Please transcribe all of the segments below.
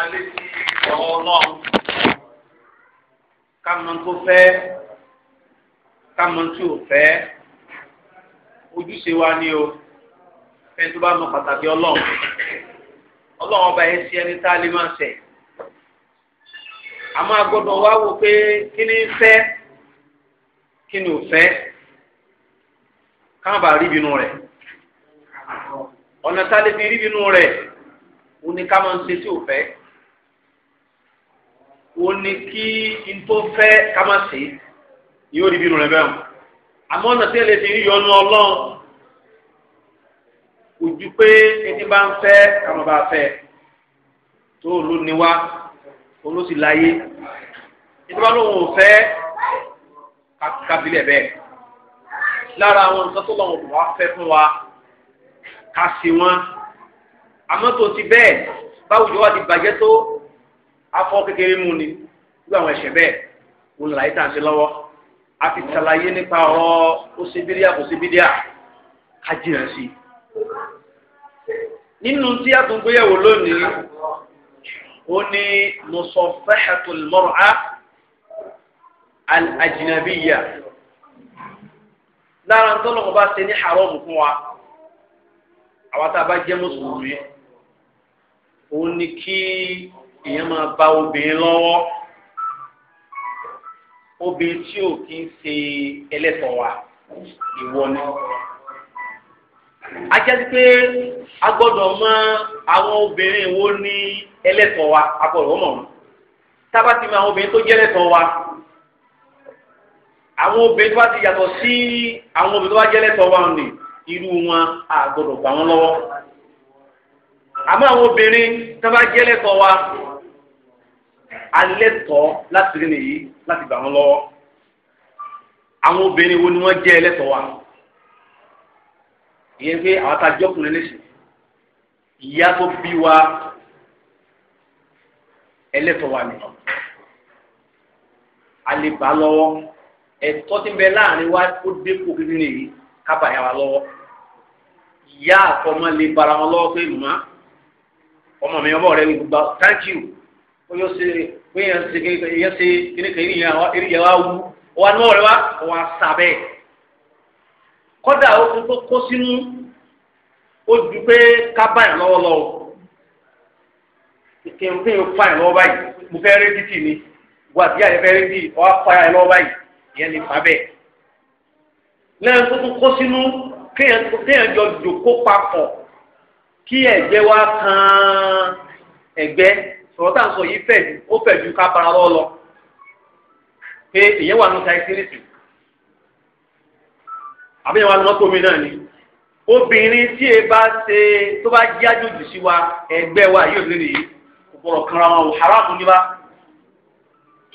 máa létí ọ̀rọ̀ ọlọ́run ká mọ̀ tó fẹ́ ká mọ̀ fẹ́ ojúṣe wa ni o fẹ́ tó bá mọ pàtàkì ọlọ́run ọlọ́run ọba yẹn sí ẹni tá a lè máa ṣẹ̀ àmọ́ a gbọ́dọ̀ wá wò pé kí ni fẹ́ kí ni ò fẹ́ káwọn bá rí ibinú rẹ̀ ọ̀nà tá a lè fi rí ibinú rẹ̀ òun ni ká máa ń ṣe tí ò ó ní kí n tó fẹ́ ká má sí yóò rí bínú rẹ bẹ́ẹ̀ o àmọ́ ọ̀nà tí ẹ lè fi rí yọnu ọlọ́run kò ju pé ẹni bá ń fẹ́ ká má bá fẹ́ tó ló ní wá oló sì láyé ìjọba lóun ò fẹ́ kábílẹ̀ bẹ́ẹ̀ lára àwọn nǹkan tó lọ́wọ́ wá fẹ́ fún wa ká sí wọn àmọ́ tó ti bẹ́ẹ̀ báwùjọ wa ti bàjẹ́ tó afọ kékeré mú ni gbogbo àwọn ẹ̀ṣẹ̀ bẹ́ẹ̀ òun làyè tà ń ṣe lọ́wọ́ a ti ṣàlàyé nípa ọ̀rọ̀ òṣèbíríà òṣèbíríà ká jìnnà sí nínú tí a tún gbéyàwó lónìí ó ní musafahatul mar'a al lára tó lọ́kọ̀ bá ṣe ní haram fún wa àwa tá a bá jẹ́ mùsùlùmí òun ni kí èèyàn máa bá obìnrin lọ́wọ́ obìnrin tí ò kí ń ṣe ẹlẹ́tọ̀ọ́ wa ìwọ ni. a jẹ́ pé a gbọ́dọ̀ mọ àwọn obìnrin wo ní ẹlẹ́tọ̀ọ́ wa a gbọ́dọ̀ mọ̀ wọn. tábà ti mọ àwọn obìnrin tó jẹ́ ẹlẹ́tọ̀ọ́ wa àwọn obìnrin tó bá ti yàtọ̀ sí àwọn obìnrin tó bá jẹ́ ẹlẹ́tọ̀ọ́ wa nì irú wọn a gbọ́dọ̀ gbà wọ́n lọ́wọ́. àmọ́ àwọn obìnrin tó bá jẹ́ ẹlẹ́tọ̀ọ́ wa alẹ́ tọ́ láti rí nìyí láti gbà wọ́n lọ́wọ́ àwọn obìnrin wo ni wọ́n jẹ́ ẹlẹ́tọ̀ wa ìyẹn pé àwọn atajọ́kùnrin lè ṣe ìyá tó bí wa ẹlẹ́tọ̀ wa ni a lè bá lọ́wọ́ ẹ̀tọ́ tí ń bẹ láàrin wa ó dépò kíkí nìyí kábàáyà wa lọ́wọ́ ìyá àtọmọ lè bára wọn lọ́wọ́ pé màmá ọmọ mi ọmọ rẹ ní gbogbo thank you ó yọ ṣe pé yẹn ṣe yẹn ṣe kíníkà yìí yẹn wá wú ọwọ́ àti wọ́n rẹ̀ wá ọwọ́ àṣà bẹ́ẹ̀ kọ́dà ó tún tó kó sínú ó ju pé ká báyìí lọ́wọ́ lọ́wọ́ kìnkìn yóò fa ìlọ́wọ́ báyìí mo fẹ́ rí títì ni gbàdúrà yẹn fẹ́ rí títì ọ̀ fa ìlọ́wọ́ báyìí ìyẹn lè fa bẹ́ẹ̀ lẹ́yìn tó tún kó sínú kéèyàn jọ jòkó papọ̀ kí ẹ̀jẹ̀ wá kan ẹ̀gbẹ́ sọ̀rọ̀ tá à ń sọ yìí fẹ̀ ju ó fẹ̀ ju ká para wọ́ lọ pé èyẹ wà nù sáyẹ́sìrìsì àbí yẹn wà nù mọ́tò mi náà ni obìnrin tí e bá ṣe tó bá jí àjòjì sí wa ẹgbẹ́ wa yóò lè nìyí kòkòrò kanra wọn ò haramu ni wa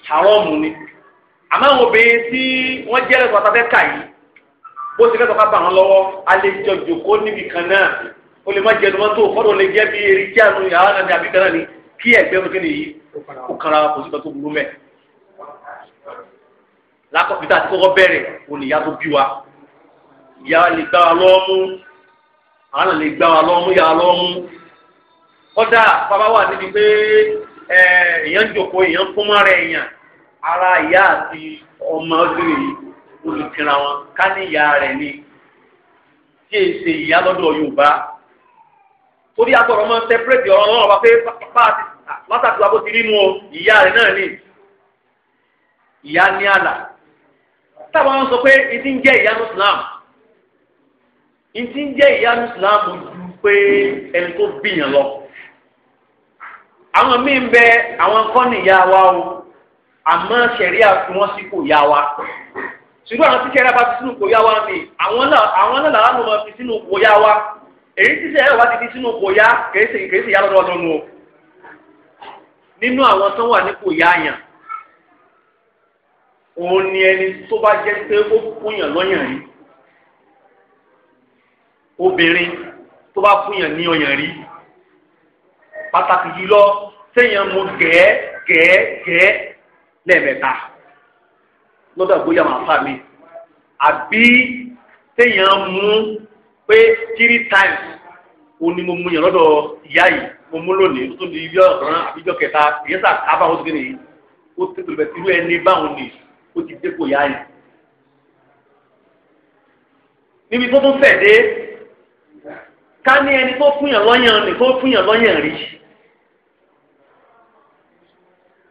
haramu ni àmọ́ àwọn obìnrin tí wọ́n jẹ́ lẹ́sọ̀ àtàfẹ́ kà yìí bó ti fẹ́ sọ́ká bà wọ́n lọ́wọ́ a lè jọ jòkó níbi kan náà o lè má jẹnu mọ́tò fọ́dọ̀ lè jẹ́ bí eré tí yàrá náà ni náà ni kí ẹgbẹ́ mi kéde yìí kó kara kò sí ìtọ́jú burú mẹ́. lákọ̀bí tá a ti kọ́kọ́ bẹ̀rẹ̀ òun ìyá tó bí wa ìyá lè gbá wa lọ́wọ́ mú àwọn lè gbá wa lọ́wọ́ mú ìyá lọ́wọ́ mú. kọ́dà bàbá wà níbi pé èèyàn jòkó èèyàn kó mọ́ra èèyàn ara ìyá àti ọmọ ọdún yìí olùkìlà wọn ká ní ìyá rẹ̀ ni tí èyí ṣe ìyá lọ́dọ̀ Yorùbá torí agbọ̀rọ̀ máa ń ọ̀rọ̀ lọ́wọ́ bá pé bá a ti mọ́tàtù wa kó ti rí mu o ìyá rẹ̀ náà ni ìyá ní àlà táwọn wọn sọ pé ìdí ń jẹ́ ìyá muslam ìdí ń jẹ́ ìyá muslam ju pé ẹni tó bìyàn lọ àwọn míín bẹ àwọn kọ́ni ìyá wa o àmọ́ sẹ̀ríà tí wọ́n sì kò yá wa ṣùgbọ́n àwọn tíṣẹ́ rábà fi sínú kò yá wa mi àwọn náà àwọn náà làwọn máa fi sínú kò yá wa èyí tíṣẹ́ rẹ̀ wá ti fi sínú kò yá kèé ṣe ìyá lọ́dọọdún o nínú àwọn tó wà nípò yáàyàn òun ni ẹni tó bá jẹ́ pé ó fúnyàn lọ́yàn rí obìnrin tó bá fúnyàn ní ọyàn rí pàtàkì jùlọ téèyàn mu gẹ́ẹ́ gẹ́ẹ́ gẹ́ẹ́ lẹ́ẹ̀mẹ́ta lọ́dọ̀ àgbóyà máa fà mí àbí téèyàn mú pé three times òun ni mo mu yàn lọ́dọ̀ ìyá yìí kò mú lónìí tó di ibi ọ̀sán àbíjọ kẹta ìyẹn sà ábà ó ti kéde yìí ó ti tó bẹ̀ tìlú ẹni báwọn ni ó ti dé kò yá níbi tó tún fẹ̀ dé ká ní ẹni tó fúnyàn lọ́yàn ni tó fúnyàn lọ́yàn rí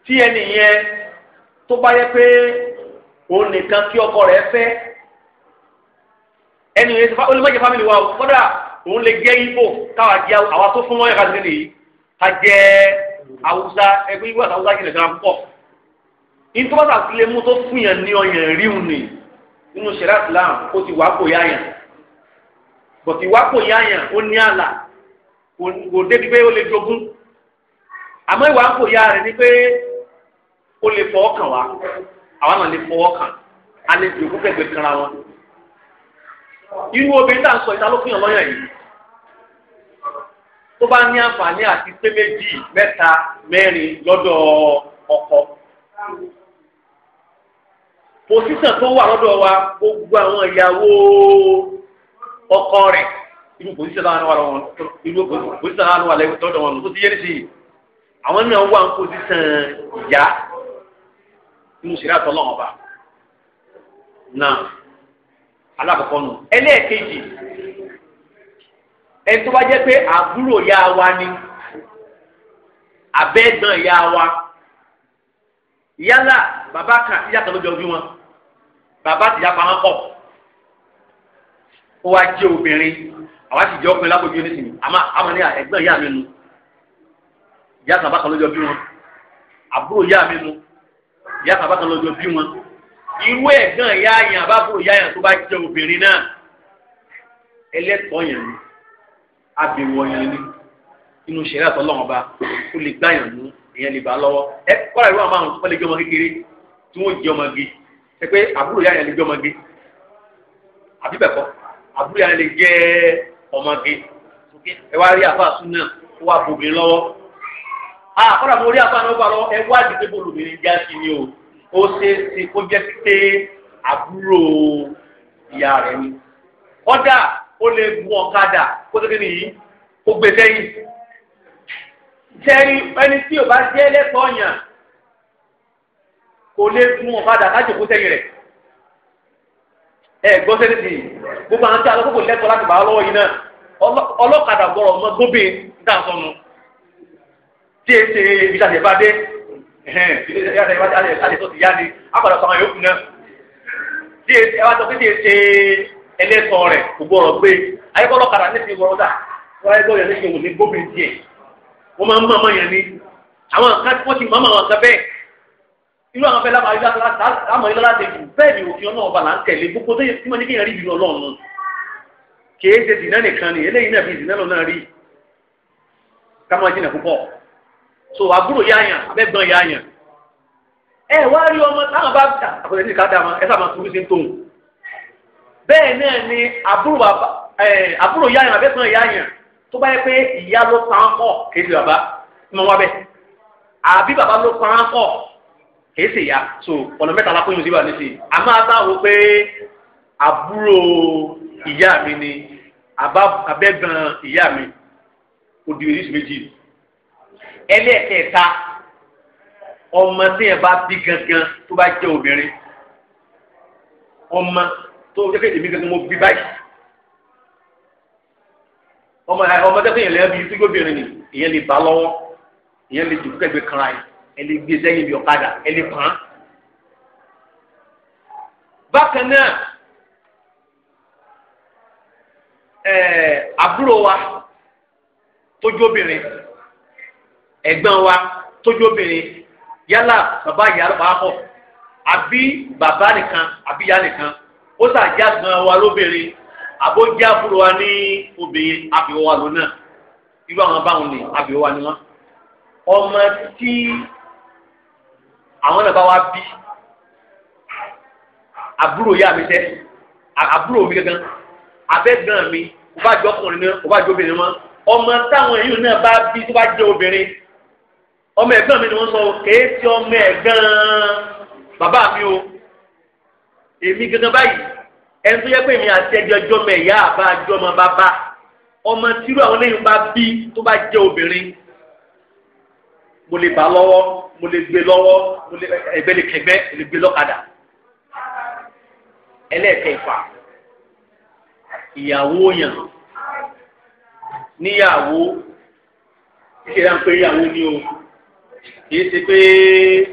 tí ẹni yẹn tó bá yẹ pé òun nìkan kí ọkọ rẹ̀ fẹ́ ẹni yẹn ti fa olùmọ̀jẹ̀ fámìlì wa ò kọ́dà òun lè jẹ́ ibo káwa jẹ́ àwa tó fún lọ́yọ̀ kásìlẹ̀ nìyí ká jẹ́ awúsá ẹgbẹ́ ibo àti awúsá jìnnà jẹ́ra púpọ̀ ìtọ́bàtà tí lè mú tó fún yàn ní ọyàn ríhun nì nínú sẹ̀rẹ̀ Islam ó ti wá kò yáyàn bọ̀tì wá kò yáyàn ó ní àlà kò débi pé ó lè jogún àmọ́ ìwà kò yá rẹ̀ ni pé ó lè fọwọ́ kàn wá àwa náà lè fọwọ́ kàn á lè fi òkú kẹgbẹ́ kanra wọn. irú obìnrin tá à ń sọ ìta ló fihàn lọ́yàn yìí tó bá ní àǹfààní àti pé méjì mẹ́ta mẹ́rin lọ́dọ̀ ọkọ pòsíṣàn tó wà lọ́dọ̀ wa gbogbo àwọn ìyàwó ọkọ rẹ̀ irú pòsíṣàn náà wà lọ́dọ̀ wọn tó ti yé ní sí àwọn náà wà ń ìyá ọba náà. alákọ̀ọ́kọ́ nù ẹlẹ́ẹ̀kejì ẹni tó bá jẹ́ pé àbúrò ya wa ni abẹ́gbọ̀n ya wa yálà bàbá kan àti ìyá kan ló jọ wọn bàbá àti ìyá pa wọn pọ̀ ó wá obìnrin àwa sì jẹ́ ọkùnrin lápòjú nísìnyí àmọ́ àwọn ní ẹ̀gbọ́n ìyá mi nu ìyá kan bàbá kan wọn àbúrò ìyá mi nu ìyá kan bàbá kan wọn irú ẹ̀ gan ìyá yẹn àbábò ìyá yẹn tó bá jẹ obìnrin náà ẹlẹ́tọ̀ọ́ yẹn ni abèwọ̀ yẹn ni inú ìṣẹ̀lẹ̀ àtọ́lọ́wọ́n ba ó lè gbá yẹn mú ìyẹn lè bá lọ́wọ́ ẹ kọ́ra ìwé àwọn àwọn ọmọlẹ́gbẹ́ ọmọ kékeré tí wọ́n jẹ ọmọ gé ẹ pé àbúrò ìyá yẹn lè jẹ ọmọ gé àbí bẹ́ẹ̀ kọ́ àbúrò ìyá yẹn lè jẹ ọmọ gé ẹ wá rí àfa súnà ó wá bòbí lọ́wọ́ àkọ́ra ah, mo rí àfa náà ó bá lọ́wọ́ ẹ wá ó ṣeé ṣe kó jẹ́ pé àbúrò ìyá rẹ̀ ni. kọ́dà ó lè gun ọ̀kadà kó tó kéde yìí kó gbé sẹ́yìn. sẹ́yìn ẹni tí ò bá jẹ́ lẹ́tọ̀ọ́ yàn kò lè gun ọ̀kadà ká jòkó sẹ́yìn rẹ̀. ẹ gbọ́ sẹ́yìn tì gbogbo àwọn tí a lọ kókò lẹ́tọ̀ọ́ láti bàá lọ́wọ́ yìí náà ọlọ́kadà gbọ́rọ̀ ọmọ gómìn dáhùn sọnù tí èsè ibi tàbí ẹ̀ bá dé ẹlẹ́sọ̀ rẹ̀ kò gbọ́dọ̀ gbé ayébọ́lọ́ kàrà ní ti wọ́n dà wọ́n ayébọ́ yẹn ní ti wò ní gómìn díẹ̀ wọ́n máa ń mọ̀ yẹn ní àwọn kan wọ́n ti mọ̀mọ́ àwọn kan bẹ́ẹ̀ irú àwọn bẹ́ẹ̀ lámọ̀ ilé láti jù bẹ́ẹ̀ ni òfin ọlọ́run bá là ń tẹ̀lé gbogbo tó yẹ kí wọ́n ní kéèyàn rí ìlú ọlọ́run kì í ṣe dìnnà nìkan ni eléyìí náà fi dìnnà lọ́nà rí ká má jìnnà púpọ̀ so àbúrò yáyàn abẹ́gbọ́n yáyàn ẹ wá rí ọmọ táwọn bá ta àkọsẹ́ ní káàdà wọn ẹ sábà tún sí tóun bẹ́ẹ̀ náà ni àbúrò yáyàn abẹ́gbọ́n yáyàn tó bá yẹ pé ìyá ló pa án kọ̀ kì í ṣe bàbá mọ wá bẹ́ẹ̀ àbí bàbá ló pa án kọ̀ kì í ṣe ìyá so ọ̀nà mẹ́ta la kóyún síbà nísìnyí àmọ́ àtàwọn pé àbúrò ìyá mi ni àbẹ́gbọ́n ìyá mi òdìrí méjì ẹlẹ́ẹ̀kẹta ọmọ tí yẹn bá bí gangan tó bá jẹ́ obìnrin ọmọ tó jẹ́ pé èmi gangan mo bí báyìí ọmọ ọmọ tẹ́tẹ́ yẹn lẹ́yìn bíi sígbóbìnrin ni ìyẹn lè bá lọ́wọ́ ìyẹn lè dùkú kẹgbẹ́ kanra yìí ẹ lè gbé sẹ́yìn bí ọ̀kadà ẹ lè bákan náà àbúrò wa tó jóbìnrin ẹ̀gbọ́n wa tójú obìnrin yálà bàbá ìyá pàápọ̀ àbí bàbá nìkan àbí ìyá nìkan ó sàjá gan wa lóbìnrin àbójá fúru wa ní obìnrin àbíwọ́ wa lónà irú àwọn báwọn lè àbíwọ́ wa ni wọ́n ọmọ tí àwọn náà bá wa bí àbúrò yá mi tẹ́ àbúrò mi gangan abẹ́gbọ́n mi kò bá jọ ọkùnrin náà kò jọ obìnrin mọ́ ọmọ táwọn èèyàn náà bá bí tó bá jẹ́ obìnrin ọmọ ẹ̀gbọ́n mi ni wọ́n sọ kèé ti ọmọ ẹ̀ gan-an bàbá mi o èmi gangan báyìí ẹni tó yẹ pé mi àti ẹjọ́ ẹjọ́ mọ ẹ̀yà àbá ẹjọ́ ọmọ bàbá ọmọ tírú àwọn lẹ́yìn bá bí tó bá jẹ́ obìnrin mo lè bá lọ́wọ́ mo lè gbé lọ́wọ́ mo lè ẹ̀gbẹ́ lè kẹ̀gbẹ́ mo lè gbé lọ́kadà ẹlẹ́ẹ̀kẹfà ìyàwó yàn níyàwó kí ẹ ń pè ìyàwó ni o kì í ṣe pé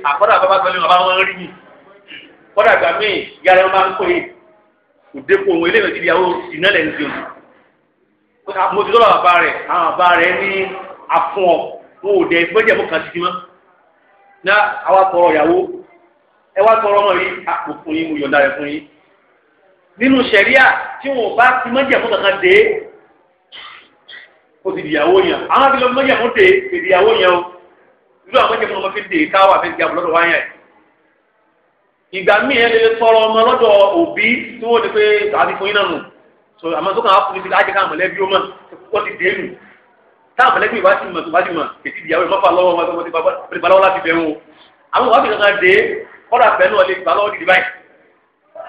àkọ́dà bàbá kan ní bàbá wọn rí mi kọ́dà gbà mí yàrá wọn bá ń pè é kò dépò òun eléyìí ti di àwọn ìná lẹ̀ ń di òun mo ti lọ́wọ́ bàbá rẹ̀ àwọn bàbá rẹ̀ ní afún ọ wọn ò dẹ gbẹ́jẹ̀ mọ́ kan ti mọ́ ná àwa tọrọ ìyàwó ẹ wá tọrọ ọmọ yìí àpò fún yín mo yọ̀ǹda rẹ̀ fún yín nínú sẹ̀ríà tí wọn bá ti mọ́jẹ̀ mọ́ kankan dé kò sì di ìyàwó yẹn àwọn àti lọ́ mọ́jẹ̀ mọ́ dé kò sì di ìyàwó yẹn o irú àwọn ẹ̀jẹ̀ kan ló fi dè káwà fẹ́ di àbúlọ́dọ̀ wáyà ẹ̀. ìgbà míì ẹ lè tọrọ ọmọ lọ́dọ̀ òbí tí wọ́n ti pé àti fún iná nù so àmọ́ tó kàn á fún mi sí láti ká mọ̀lẹ́bí ó mọ̀ ó ti dé nù tá mọ̀lẹ́bí ìwà ti mọ̀ tó bá ti mọ̀ èsì ìyàwó ìmọ̀fà lọ́wọ́ wọn tó ti bá lọ́wọ́ láti bẹ̀rù o àwọn ìwà fìkan kan dé kọ́dà fẹ́nu ọ̀lẹ́ ìgbà lọ́wọ́ dìde báyìí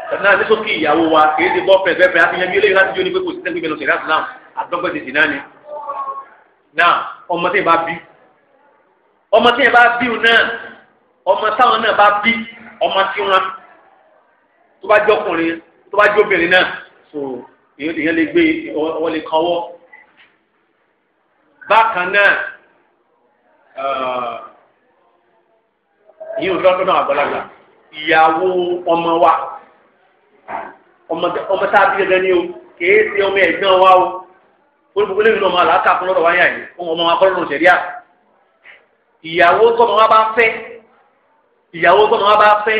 tẹ̀sán náà ní sókè ìyàwó wa kì í ti bọ́ pẹ̀lú ẹ̀fẹ̀ àti yanjú eléyìí láti jó ní pé kò sí sẹ́gbẹ̀ẹ́ lọ sí ìdásílámù àtọ́gbẹ́sì sí náà ni. náà ọmọ tí ì bá bí ọmọ tí yẹn bá bí o náà ọmọ táwọn náà bá bí ọmọ tí wọn tó bá jọkùnrin tó bá jóbìnrin náà so èèyàn lè gbé wọn lè kọwọ bákan náà yìí ò lọ́dún náà àgbàlagbà ìyàwó ọmọ wa ọmọ tá a bí gẹ́gẹ́ ní o kèé ṣe ọmọ ẹ̀gbọ́n wa o olùkókó lẹ́yìn náà ọmọ àlàáfíà fún lọ́dọ̀ wáyà yìí ọmọ wa kọ́ lọ́dún ìyàwó tọ́mọ wa bá fẹ́ ìyàwó tọ́mọ wa bá fẹ́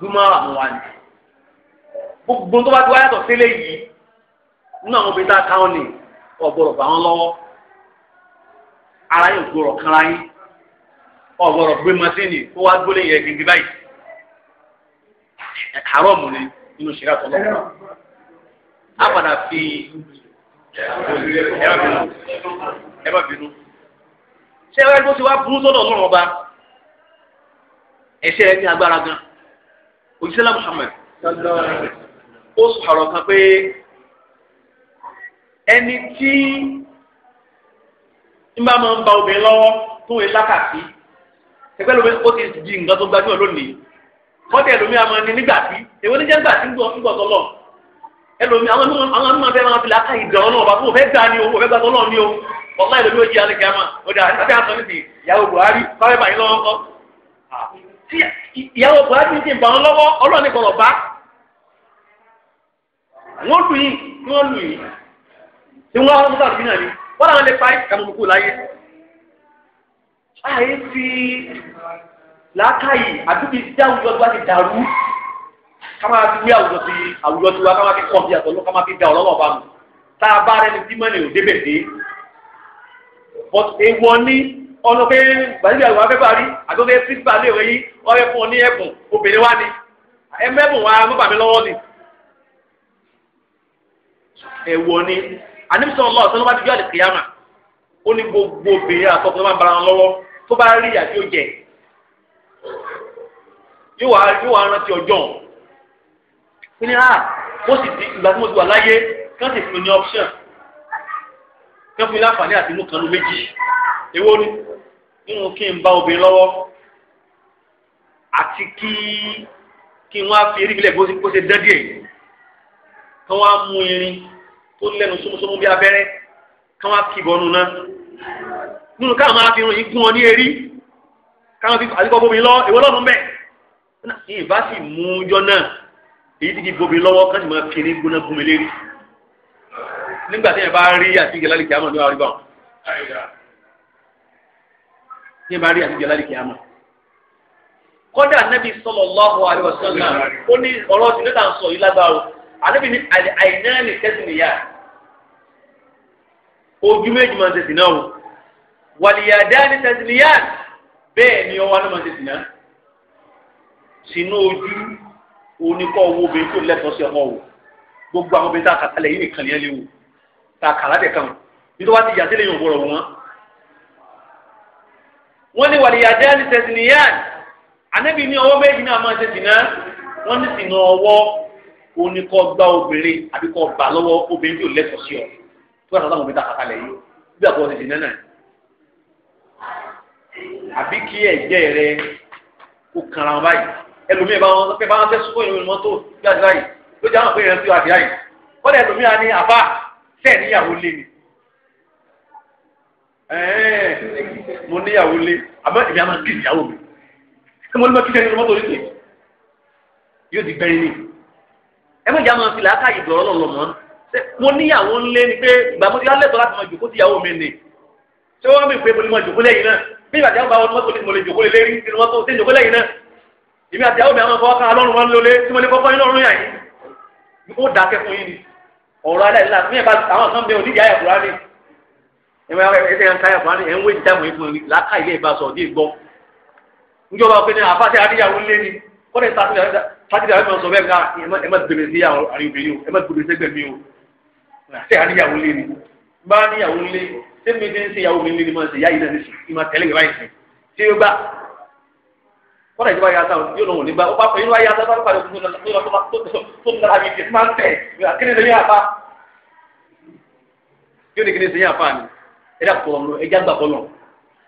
zuma àmúwa ni gbogbo tó bá ti wáyàtọ̀ sílẹ̀ yìí nínú àwọn obìnrin tá a káwọn ní ọ̀gbọ̀rọ̀ bá wọn lọ́wọ́ ara yóò gbọ̀rọ̀ kanra yín ọ̀gbọ̀rọ̀ gbé masínì tó wá gbólé yẹn gidi báyìí àárọ̀ mu ni nínú ṣẹlẹ̀ àtọ́lọ́pàá á padà fi ẹ bínú ẹ bínú ṣé wáyé bó ti wá burú sọ́dọ̀ ọlọ́run ọba ẹ̀ṣẹ̀ rẹ̀ ní agbára gan òjíṣẹ́ lá Muhammad ó sọ̀rọ̀ kan pé ẹni tí ń bá máa ń ba obìnrin lọ́wọ́ tó ń lákàtí ẹgbẹ́ lómi ó ti di nǹkan tó gbajúmọ̀ lónìí kọ́tà ẹlòmí àwọn ẹni nígbà tí èwo ní jẹ́ nígbà tí ń gbọ́ ń gbọ́ tọ́lọ̀ ẹlòmí àwọn ẹni máa fẹ́ máa fi làákà ìgbà ọlọ́run bá fún òfẹ́ gbà o òfẹ́ gbà tọ́lọ̀ ni o wọ́n láì lórí ojú alẹ́ gàmà ó dà àti àtọ́ níbi ìyàwó Buhari báwẹ́ báyìí lọ́wọ́ kọ́. tí ìyàwó Buhari ti ń bà wọn lọ́wọ́ ọlọ́ọ̀ni kọ̀ọ̀ bá. wọ́n lù yìí kí wọ́n lù yìí tí wọ́n wá mọ́tò àdúgbò náà ni wọ́n làwọn lè pa ìkàmùkù láyé. àyè fi làákàyè àdúgbò ìdí àwùjọ tó bá ti dàrú ká máa fi wí àwùjọ ti àwùjọ tiwa ká fi kọ̀ọ̀bì but èèwọ̀ ni ọ̀nà pé gbàdúgbà ìwà fẹ́ parí àtọ́fẹ́ sígbà lè rí ọ̀rẹ́ fún ọ ní ẹ̀bùn obìnrin wa ni ẹ̀mẹ́bùn wa mú bàmí lọ́wọ́ ni. èèwọ̀ ni àníbísọ̀ ọlọ́ọ̀ sọ́nà bá ti jọ́ àlìkìyàmà ó ní gbogbo obìnrin àtọ́kùn tó máa ń bara wọn lọ́wọ́ tó bá rí àti ó jẹ yóò wá rántí ọjọ́ òun. ó ní à ah, mo sì di ìgbà tí mo ti wà láyé kí wọ́n sì fún mi ní option kẹ́fún ilé àǹfààní àti inú kanú méjì èwo ni nínú kí n bá obìnrin lọ́wọ́ àti kí kí wọ́n á fi eré ìbílẹ̀ bó ṣe dán díẹ̀ kí wọ́n á mú irin tó lẹ́nu sómúsómú bí abẹ́rẹ́ kí wọ́n á kí ìbọnú náà nínú káwọn máa fi irun yìí gún ọ ní erí káwọn fi àdìgbò bómi lọ èwo lọ́nu bẹ́ẹ̀ ìbá sì mú jọ náà èyí ti di bómi lọ́wọ́ káwọn máa fi eré gbóná gún lérí nígbà tí yẹn bá rí àtijọ́ lálẹ́ kìámọ̀ ní ọ̀rí bọ̀ tí yẹn bá rí àtijọ́ lálẹ́ kìámọ̀ kọ́dà nẹ́bí sallallahu alaihi wasallam ó ní ọ̀rọ̀ ti lẹ́tà ń sọ yìí lágbára ànábì ní àìnáàní kẹ́sì nìyà ojú méjì máa ń tẹ̀sí náà wàlìyàdá ní kẹ́sì nìyà bẹ́ẹ̀ ni ọwọ́ náà máa ń tẹ̀sí náà sínú ojú oníkọ́ owó obìnrin tó lẹ́tọ̀ọ́ sí ọmọ wò gbogbo àwọn obìnrin tá a kàtàlẹ̀ yìí nìkan yẹn lè wò ta kàlàdé kan nítorí wá ti yà sílẹ̀ yóò bọ̀rọ̀ wọn. wọ́n ní wàlíyà jẹ́ ní sẹ́sìnìyàn ànábì ní ọwọ́ méjì náà máa ṣe sìnà wọ́n ní sìnà ọwọ́ oníkọ́ gbá obìnrin àbí kọ́ bà lọ́wọ́ obìnrin tí ò lẹ́tọ̀ọ́ sí ọ tí wọ́n sàtàwọn mẹ́ta kàkàlẹ̀ yìí bí àpò ọ̀sẹ̀ sìnà náà. àbí kí ẹ̀jẹ̀ rẹ kó kanra wọn báyìí ẹlòmíì bá wọn fẹ́ bá wọn fẹ́ sọ́kọ́ ìrìn mọ́tò bí àdìrà yìí ló jẹ́ àwọn pé ìrìn tí ó àdìrà yìí wọ́n dẹ̀ ẹlòmíì á ní àbá tẹ̀ níyàwó lé ni mo níyàwó lé àmọ́ èmi àmọ́ kí ìyàwó mi kí mo ní ma kí sẹ́ni mọ́tò orí tè yóò di bẹ́ẹ̀ ni ẹ má jà máa fi làákàyè dọ̀rọ̀ lọ́lọ́ mọ́ mo níyàwó ńlé ni pé ìgbà mo ti wá lẹ́tọ̀ọ́ láti máa jòkó tíyàwó mi nì ṣé wọ́n mi pé mo ní ma jòkó lẹ́yìn náà bí ìgbà tí wọ́n bá wọn mọ́tò ní mo lè jòkó lé lérí nínú mọ́tò tí jòkó lẹ́yìn náà èmi àti àwọn mi àwọn ọkọ̀ ọkọ̀ alọ́run wọn lólé tí mo lè kọ́kọ́ yín lọ́rùn yàn yín ó dákẹ́ fún yín ni ọ̀rọ̀ alẹ́ nílá fún yẹn bá àwọn kan bẹ onídìí ayà kúránì ẹ̀mọ ẹ̀sẹ̀ yẹn ń káyà kúránì ẹ̀ ń wé dàmú ìfún mi làákà ilé ìbá sọ̀ ọ̀dí gbọ́ njọba pé ní àfáàsẹ̀ adíyàwó lé ní kọ́ni sátidé àwọn ọ̀sọ̀ bẹ́ẹ̀ ní ẹ̀ má gbèrè sí àwọn obìnrin o ẹ̀ má gbèrè sí gbẹ̀mí o àṣẹ adíyàwó lé ní bá níyàwó lé sẹ́mi ti ń ṣe ìyàwó mi lé ní máa ṣe yáyí náà ní sùn ìmọ̀ tẹ́lẹ̀ kọ́ra ìjọba yà sá yóò lóhùn nígbà ni bá fẹ́ inú ayé asá sáré parí ogun ní ọdún tó tó nara mi kì í máa ń tẹ̀ kíni sẹ́yìn àfa yóò ní kíni sẹ́yìn àfa ni ẹ dà kọ̀ ọ̀nà ẹja gbà bọ́lọ̀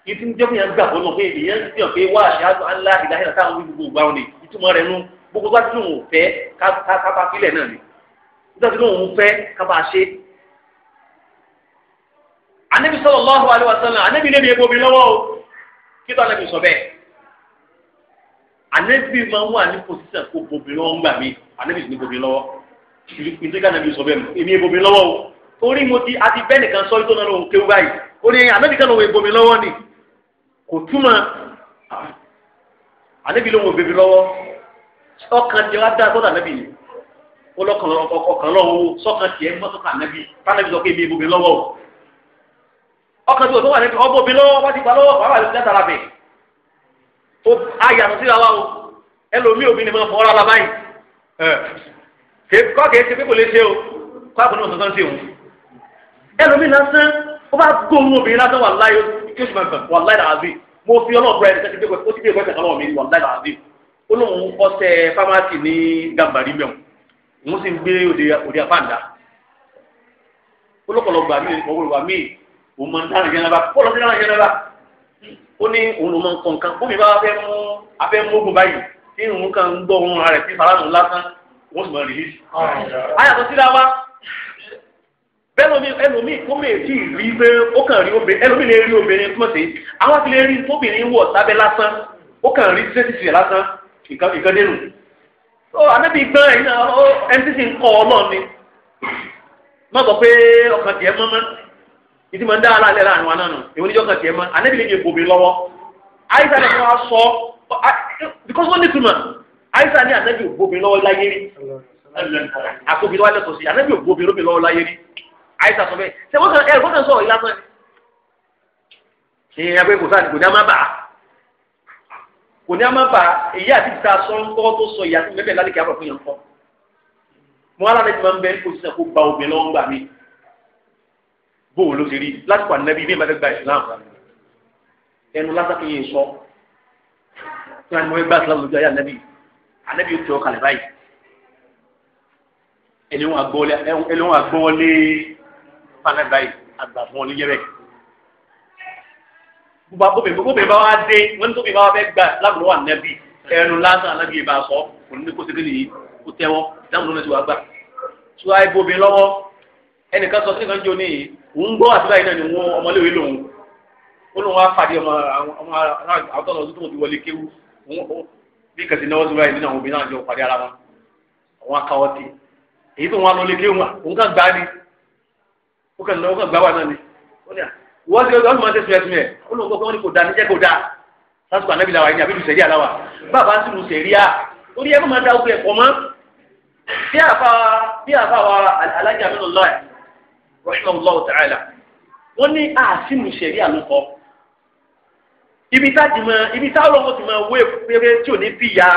yìí ti ń jẹ́ fún yẹn gbà bọ́lọ̀ pé èèyàn ti yàn pé wá àṣà ńlá ìdáhìrà táwọn wí gbogbo gbàùn ni ìtumọ̀ rẹ̀ nu gbogbo bá tún òun fẹ́ kápá sílẹ̀ náà ni nígbà tí òun fẹ́ kápá ṣe. anabi sallallahu alaihi wasallam anabi lè ní egbòbi lọ́wọ́ o kí tó anabi sọ bẹ́ẹ̀ ànẹ́bí máa ń wà ní pòsíṣà kó bomi lọ́wọ́ ńgbà mi ànẹ́bí sì ní bomi lọ́wọ́ ìdíkà nàbí sọ bẹ́ẹ̀ èmi bomi lọ́wọ́ o torí mo ti àti bẹ́ẹ̀ nìkan sọ ìtọ́nà lòun kéwú báyìí ó ní ànẹ́bí kan lòun bomi lọ́wọ́ ni kò túmọ̀ ànẹ́bí lòun bomi lọ́wọ́ ọkàn tí wàá dá sọ́dọ̀ ànẹ́bí yìí ó lọ́kàn ọkàn lọ́wọ́ sọ́kàn sọ́kàn ànẹ́bí tánẹ́bí ó ayàtọ̀ síra wa o ẹlòmíì òbí ni mo fọwọ́ ra báyìí kọ́ kìí ṣe pé kò lè ṣe o kọ́ àpò náà sọ́sọ́ ń ṣe òun ẹlòmíì lásán ó bá gbóhùn obìnrin lásán wà láyé kí ó sì máa gbà wà láyé làásì mo fi ọlọ́ọ̀bùrẹ́ ẹni sẹ́ni pé ó ti dé ìwé ìtàn ọlọ́wọ́ mi wà láyé làásì ó lóun ọṣẹ fámásì ní gàmbàrí mẹ́wọ̀n òun sì ń gbé òde àpáǹdà ó lọ́pọ̀lọpọ̀ àmì ìwọ̀n ó ní olùmọ̀ nǹkan kan bómi bá fẹ́ mú afẹ́ mógun báyìí tí ìrùn kan ń gbọ́ ohun rẹ̀ sí faramu lásán wọ́n sì mọ̀ rìlíìsì. ayàtọ̀ síra wa bẹ́ẹ̀ni ẹlòmíì tó mèé tí ì rí pé ó kàn rí obìnrin ẹlòmíì lè rí obìnrin tó mọ̀ sí àwọn ti lè rí tóbìnrin wọ̀ sábẹ́ lásán ó kàn rí títí lásán ìkan dénú. ó anábì gbọ́n ẹ̀yìn náà ẹni tí ń kọ́ ọlọ́ọ̀ni má sọ pé ọkàn tiẹ̀ mọ́mọ́ ìdí máa ń dá aláàlẹ́ láàrin wa náà nù èwo níjọ́ kan tiẹ̀ mọ́ anábì lè gbòbí lọ́wọ́ àyíṣà náà wọ́n á sọ because wọ́n ní túmọ̀ àyíṣà ní anábì gbòbí lọ́wọ́ láyé rí àkóbí lọ́wọ́ lẹ́tọ̀ọ́ sí anábì gbòbí lọ́wọ́ láyé rí àyíṣà sọ bẹ́ẹ̀ ṣé wọ́n kàn ẹ̀ wọ́n kàn sọ ìlà náà ni ẹgbẹ́ kò sáà kò ní a máa bà á kò ní a máa bà á èyí àti ìta sọ ńkọ́ tó sọ ìyá tó mẹ́bẹ̀ẹ́ lálẹ́ kí a bọ̀ fún yàn kọ́ mo aláàlẹ́ ti máa ń bẹ́ẹ̀ kó sísan kó ba obìnrin lọ́wọ́ gbà mí bóòlù ló ti rí láti pa nẹ́bí bí ìbáfẹ́ gba islam ẹnu lásàkè yẹn sọ tí wọn mọ ẹgbẹ́ islam lójú ayé anẹ́bí anẹ́bí yóò tẹ ọ kalẹ̀ báyìí ẹni wọn agbọ́wọlé ẹni wọn agbọ́wọlé fanẹ́ báyìí àgbà fún ọ níyẹrẹ gbogbo bóbìnrin bá wá dé wọn ní tóbìnrin bá wá fẹ́ gba islam lọ́wọ́ anẹ́bí ẹnu lásán anẹ́bí yìí bá sọ kò ní kó segin nìyí kó tẹ́wọ́ ìdáhùn ló ń òun gbọ́ àtúrà yìí náà ni wọ́n ọmọléwé lòun ó lóun wá pàdé ọmọ ọmọ àwọn tọ́lọ̀ tó ti wọlé kéwú bí kẹsì náà wọ́n ti nínú àwọn obìnrin náà jọ pàdé ara wọn àwọn akáwọ́ ti èyí tó wọn lọ lé kéwú òun kàn gbá ni ó kàn lọ ó kàn gbá wà náà ni ó ní à wọ́n ti wọ́n ti máa ń tẹ̀sùn ẹ̀sùn ẹ̀ ó lóun gbọ́ pé wọ́n ní kò dáa níjẹ́ kò dáa lásìkò ànábì làwà yìí àbí lùsẹ̀rí àláwà bàbá sì lùsẹ̀rí à torí ẹ bí àfa alájà mi lọ lọ ẹ̀ rahimahullahu ta'ala wọ́n ní àásìmù ah, ṣẹ̀ríà ló kọ́ ibi tá ti mọ ibi tá ọlọ́wọ́ ti mọ wé péré tí ò ní fi ya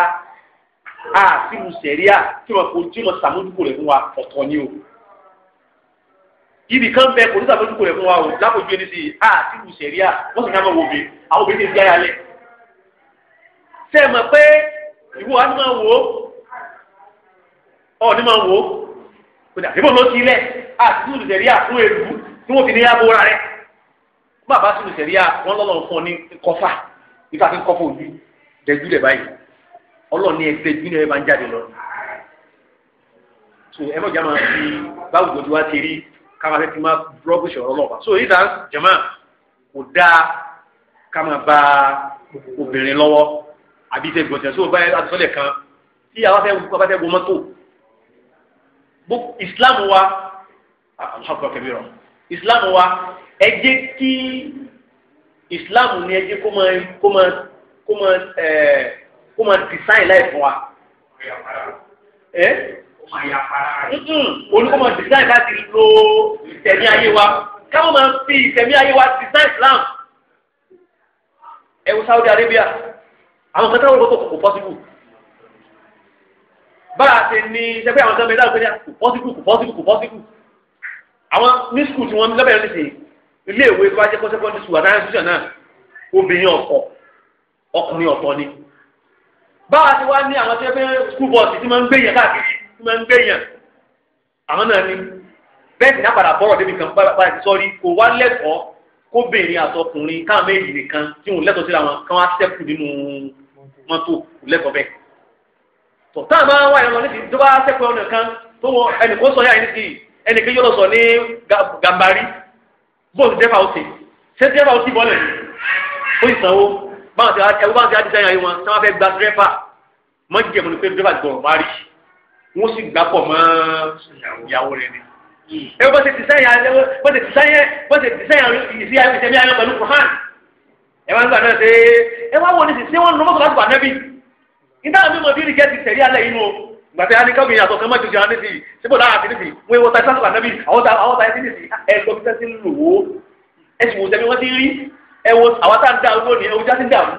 àásìmù ah, ṣẹ̀ríà tí wọ́n kò tí wọ́n sàmójúkò rẹ̀ fún wa ọ̀tọ̀ ni o ibì kan bẹ kò ní sàmójúkò rẹ̀ fún wa o lápòjú ẹni sí àásìmù ah, ṣẹ̀ríà wọ́n sì ní àwọn òbí àwọn òbí ti di ayà lẹ̀ sẹ́ẹ̀ mọ̀ pé ìwọ wa ni máa wò ó ọ̀ ni máa wò ó kò dà ìbọn ló ti lẹ̀ àti sùn sẹ̀ríà fún èrú tí wọ́n fi ní yàgò ra rẹ̀ bàbá sùn sẹ̀ríà wọ́n lọ́lọ́ fún ọ ní kọfà nípa fi kọfà ojú dẹ̀jú rẹ̀ báyìí ọlọ́ọ̀ni ẹgbẹ́ ju ní ẹ máa ń jáde lọ. so ẹ mọ̀jà máa fi báwo gbòdì wá ti rí káma fẹ́ fi máa búrọ́gù ṣọ̀rọ̀ lọ́wọ́ so yìí dá jẹ̀mọ́ kò dáa káma bá obìnrin lọ́wọ́ àbí tẹ gbọ̀nsẹ̀ so báyìí àtúnṣe kan tí àwọn afẹ́ gbọ́ mọ́tò Islam wa alhamdulilayi kẹbi rọ islam wa ẹ jẹ́ kí islam ni ẹ jẹ́ kó máa kó máa kó máa ẹ kó máa design life fún wa ẹ olùkọ́ máa design láti lo ìtẹ̀mí ayé wa káwọn máa fi ìtẹ̀mí ayé wa design islam ẹ wo Saudi Arabia àwọn kan táwọn olùkọ́ kò possible bára ṣe ní ṣẹpẹ́ àwọn sọ́mẹ́dá òṣèlú kò possible kò possible kò possible àwọn ní skul tí wọ́n lọ́bẹ̀rẹ̀ ní sèé ilé ìwé tó ajẹ́ kó sẹ́kọ́ndì skul àtàwọn ẹ̀sìn náà obìnrin ọ̀pọ̀ ọkùnrin ọ̀pọ̀ ni. báwa ti wá ní àwọn tó yẹ pé skul bọ́ọ̀sì tí máa ń gbé yẹn káàkiri tí máa ń gbé yẹn àwọn náà ni bẹ́ẹ̀ sì ní àpàdà bọ́rọ̀ débi kan padà ti sọ́ọ́rí kò wá lẹ́kọ̀ọ́ kóbìnrin àtọkùnrin káwọn méjì nìkan tí òun lẹ́tọ̀ọ́ síra wọn káwọn á sẹ́kù nínú mọ́tò lẹ́kọ̀ọ́ bẹ́ẹ̀. tọ́tà máa ń wá ìrànlọ́ níbi tó bá sẹ́kù ọ̀nà kan tó wọn ẹnì kó sọ yá ẹni kì ẹnìkan yóò lọ sọ ní gàmbari bóòlù dẹ́fà ó ti ṣé dẹ́fà ó ti bọ́lẹ̀ ó sì sanwó báwọn ti ẹwú báwọn ti á dísáyà yín wọn tí wọ́n fẹ́ gba dẹ́fà mọ́ jẹ̀mú ni pé dẹ́fà gbọ̀rọ̀ má rí wọ́n sì gbà pọ̀ mọ́ ìyàwó rẹ̀ ni ẹ bọ́ ṣe ti sẹ́yìn bọ́ ṣe ti sẹ́yìn bọ́ ṣe ti sẹ́yìn ìsí ìsẹ̀mí ayọ̀ pẹ̀lú kùhán ẹ wá ń gbà náà ṣe ẹ wá wọ ní sísé wọn lọ́mọ́tò gbàtí a ní káwọn èèyàn àtọkàn máa àwọn níbi síbò àti níbi wọn èèwọ àwọn àwọn níbi ah, ẹ sì wò sẹbi wọn ti rí àwọn tá à ń ni ẹwọ já sí ń dààmú.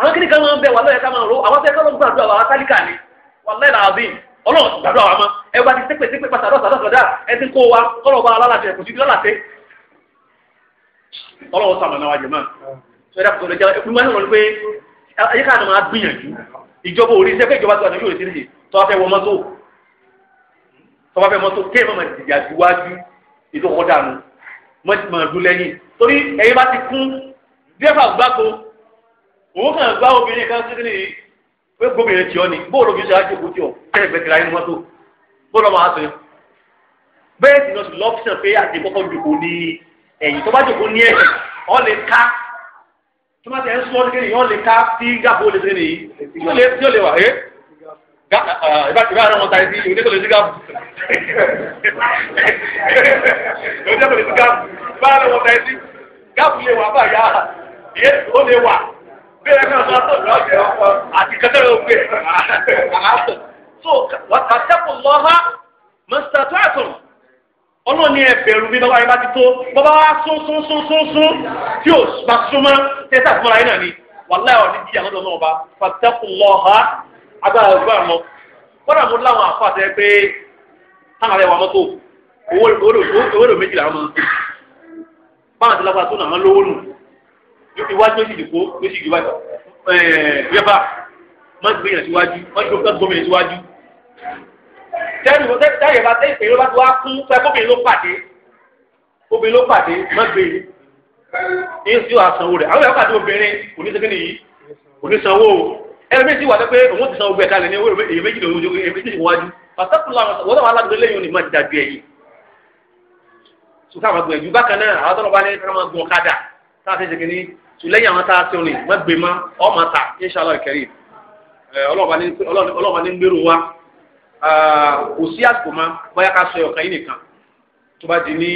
àwọn kìnìkan máa ń bẹ wà lọ́yẹ̀ ká máa ro àwọn tẹ́ kọ́lọ́ gbàdúrà àwọn tálíkà ni ọlọ́run gbàdúrà ẹ ìjọba òrí sẹ́fẹ́ ìjọba tó àtàwọn yóò ti rìn tọ́wọ́ fẹ́ wọ mọ́tò tọ́wọ́ fẹ́ mọ́tò kéè mọ̀mọ́ ìdíjà ju wájú ètò ọkọ̀ dànù mọ̀tìmọ̀ dùn lẹ́yìn torí ẹ̀yin bá ti kún dẹ́fà gbáko òun kàn gbá obìnrin kan sí ní pé gómìnà tí ọ ni bóòlù obìnrin ṣe àjòkó tí ọ kẹ́lẹ́ gbẹ̀tẹ̀ra inú mọ́tò bóòlù ọmọ àtọ̀ bẹ́ẹ̀ sì lọ sí lọ́pṣàn pé àti kọ́kọ́ jòkó ní ẹ̀yìn tó bá jòkó ní ẹ̀yìn ọ lè ká tó má tẹ̀ ń sún ọdún kí nìyọ́ lè ká tí gàbó lè ṣe nìyí tí ó lè wà ẹ́ ìbá ti bá ara wọn ta ẹbí òde kò lè sí gàbó òde kò lè sí gàbó bá ara wọn ta ẹbí gàbó lè wà bá yá yé ó lè wà bẹ́ẹ̀ náà bá tó lọ́ọ̀dẹ̀ ọkọ àti kẹtẹ́rẹ́ ògbé àásọ̀ so wàtàkẹ́kùn lọ́ha mr twaitton ọlọ́ọ̀ni ẹ̀bẹ̀rù mi bàbá rẹ bá ti tó bàbá wa sún sún sún sún sún tí ò bá súnmọ́ tẹ́sà fúnra yín náà ni wàláyà ọ̀ ní jíjà lọ́dọ̀ náà ọba fàtẹ́kùnlọ́ha agbára ọgbà mọ́ kọ́dà mo láwọn àfọ àtẹ pé táwọn arẹwà mọ́tò owó lò méjìlá mọ́ báwọn ti lágbára tó nà mọ́ lówó nù iwájú ló sì dìbò ló sì dìbò ẹ̀ẹ́dẹ́gbà má ti gbé tẹ́rù bó tẹ́rù bá tẹ́rù pèrè bá tó wá kún fẹ́ kóbìnrin ló pàdé kóbìnrin ló pàdé má sanwó rẹ̀ àwọn obìnrin kò ní sanwó o ẹni méjì wà pé òun ti san ogun ẹ̀ka ní èyí méjì lòun ojú èyí méjì wájú wà ládùúgbò lẹ́yìn máa dàbí ẹ̀yìn sùkà máa bákan a ti ṣe kìíní sùlẹ́yìn àwọn tá a ṣe má máa ta ìkẹrì ọlọ́ọ̀bá ní gbèrò wa Ah, kò sí àsìkò mọ́ bóyá ká sọ ọ̀kan yìí nìkan tó bá di ní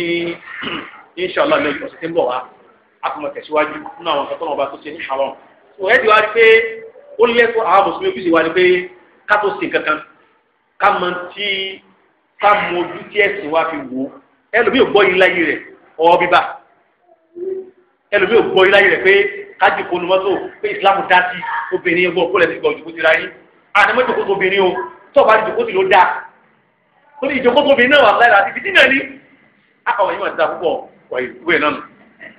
inṣàlá lẹ́yìn ọ̀sẹ̀ tí ń bọ̀ wá a kò mọ̀ tẹ̀síwájú nínú àwọn nǹkan tó wọn bá tó ṣe ní àwọn òun ẹ̀ ti wá rí pé ó lẹ́kọ̀ọ́ àwọn mùsùlùmí ojúṣe wá rí pé ká tó ṣe kankan ká mọ tí ká mọ ojú tí ẹ̀sìn wá fi wò ó ẹlòmíì ò gbọ́ yín láyé rẹ̀ ọ̀ bíbà ẹlòmíì ò gbọ́ yín láyé rẹ̀ pé kájú kónú mọ́tò pé ìsìlámù dá sí obìnrin ẹgbẹ́ kó ti ra yín tọ́ba ìjókòó sì ló dáa torí ìjókòó tóbi náà wà lára àti ìdí náà ní àwọn yìí máa da púpọ̀ wà ìlú ẹ̀ náà nù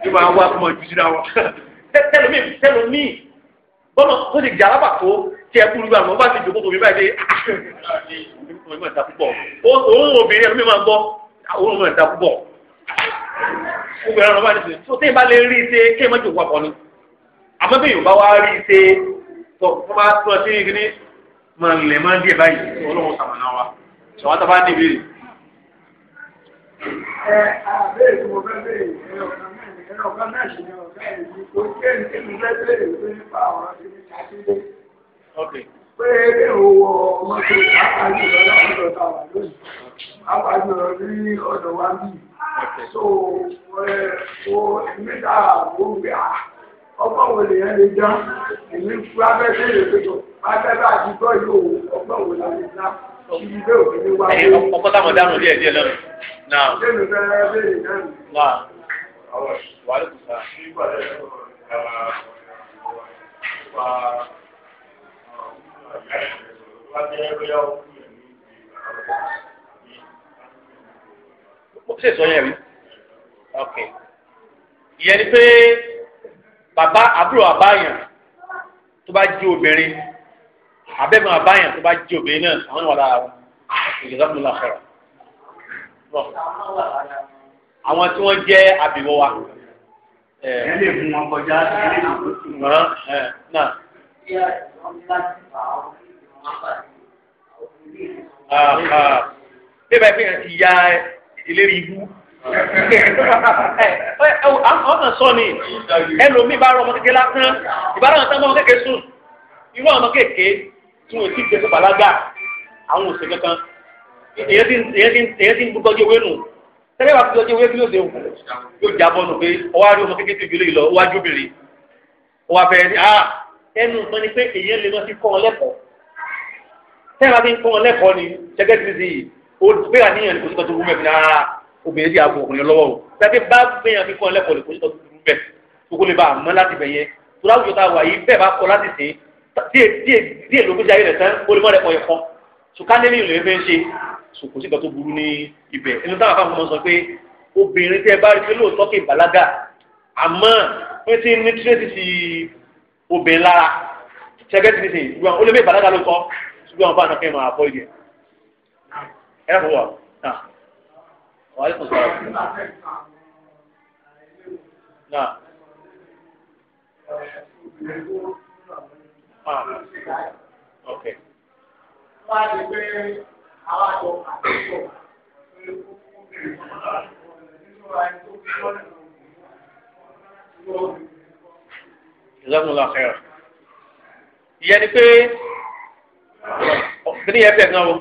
yóò máa wá kó máa ju síra wọn tẹlomi tẹlomi bọ́mọ tó ti jàrá bà tó tiẹ̀ kúrú bá wọn bá ti ìjókòó tóbi báyìí àwọn yìí máa da púpọ̀ òun obìnrin ẹ̀mí máa gbọ́ àwọn yìí máa da púpọ̀ gbogbo ẹran ọba nísìnyí tó téèyàn bá lè rí i ṣe kéèyàn má tó fún máa ń lẹ̀ máa ń díẹ̀ báyìí ọlọ́run sàmànà wa ṣọwọ́ tá a bá ní ìbéèrè. ẹ àbẹ́rẹ́ tí mo fẹ́ béèrè ẹ̀rọ kan mẹ́rin ẹ̀rọ kan náà ṣì ní ọ̀gá èyí kò jẹ́ ní mo fẹ́ béèrè pé nípa ọ̀rọ̀ ti ní sátidé. pé ilé òwò mọ́tò pàápàájú lọ lọ́dọ̀ tá a wà lónìí pàápàájú lọ ní ọ̀dọ̀ wa bíi so ẹ̀ o ẹ̀mí ọgbọ́n wo lèèyàn lè já èmi ń fura bẹ́ẹ̀ lè pẹ̀tọ̀ akẹ́kọ̀ọ́ àti gbọ́ ìlú òun ọgbọ́n wo lè já ibi bẹ́ẹ̀ òfin ní wáyé. ọkọ táwọn dànù díẹ̀ díẹ̀ lọnà náà. ṣé mi fẹ́ béèrè náà nì. wà yẹn ni pé bàbá àbúrò àbáyàn tó bá jí obìnrin abẹ́mọ̀ àbáyàn tó bá jí obìnrin náà àwọn ìwà lára wọn ìjọba ńlá fẹ́ràn. àwọn tí wọ́n jẹ́ àbíwọ́ wa. ẹ lè mú wọn kọjá ilé ìdókòtò náà. bébà ìpínyà ti ya ìlérí ibú ọkàn sọ ni ẹlòmíì bá rọ ọmọ kékeré lásán ìbára ọ̀sán ọmọ kékeré sùn irú ọmọ kékeré tí wọn ti gbé tó bàlágà àwọn òsè kankan èyẹ ti ń gbọ́jú ewé nù tẹ́lẹ̀ bá gbọ́jú ewé kí ló dé òkú yóò já bọ́ọ̀nù pé ọwọ́ àrí ọmọ kékeré ti jùlọ ìlọ wájú obìnrin ọwọ́ abẹ́rẹ́ ni ah ẹnu nǹkan ni pé èyẹ lè lọ sí kọ́ ọ lẹ́kọ̀ọ́ tẹ́lẹ̀ bá ti ń kọ́ ọ lẹ́kọ̀ọ́ ni jẹ́gẹ́ ti di ó gbéra níyàn ní kò obìnrin tí a bò ọkùnrin lọ́wọ́ o tàbí bá gbẹ̀yàn fi kọ́ ẹlẹ́kọ̀ọ́ lè kójú tó dúdú bẹ̀ gbogbo lè ba àmọ́ láti bẹ̀ yẹ tó láwùjọ tá a wà yìí bẹ́ẹ̀ bá kọ́ láti sìn díẹ̀ díẹ̀ díẹ̀ ló gbèsè ayé rẹ̀ tán ó lè mọ́ rẹ̀ kọ́ yẹ kọ́ sùkánẹ́lì ló fẹ́ ṣe sùkò sí kan tó burú ní ibẹ̀ inú táwọn afáfọ́ mọ̀ sọ pé obìnrin tẹ́ bá rí pé lóòótọ́ kì í bàlágà àmọ́ pé tí ní tírẹ́sì ti obìnrin lára ṣẹgẹ́ ti nìsín ìgbà ó lè mẹ́ ìbàlágà lóòótọ́ ṣùgbọ́n àwọn fáwọn akẹ́kọ̀ọ́ máa bọ́ ìdí ẹ̀ ẹ̀ wàhálà kò sọ̀rọ̀. náà. ah ok. wọ́n á lè gbé àwọn àjọ ni pé obìnrin gan o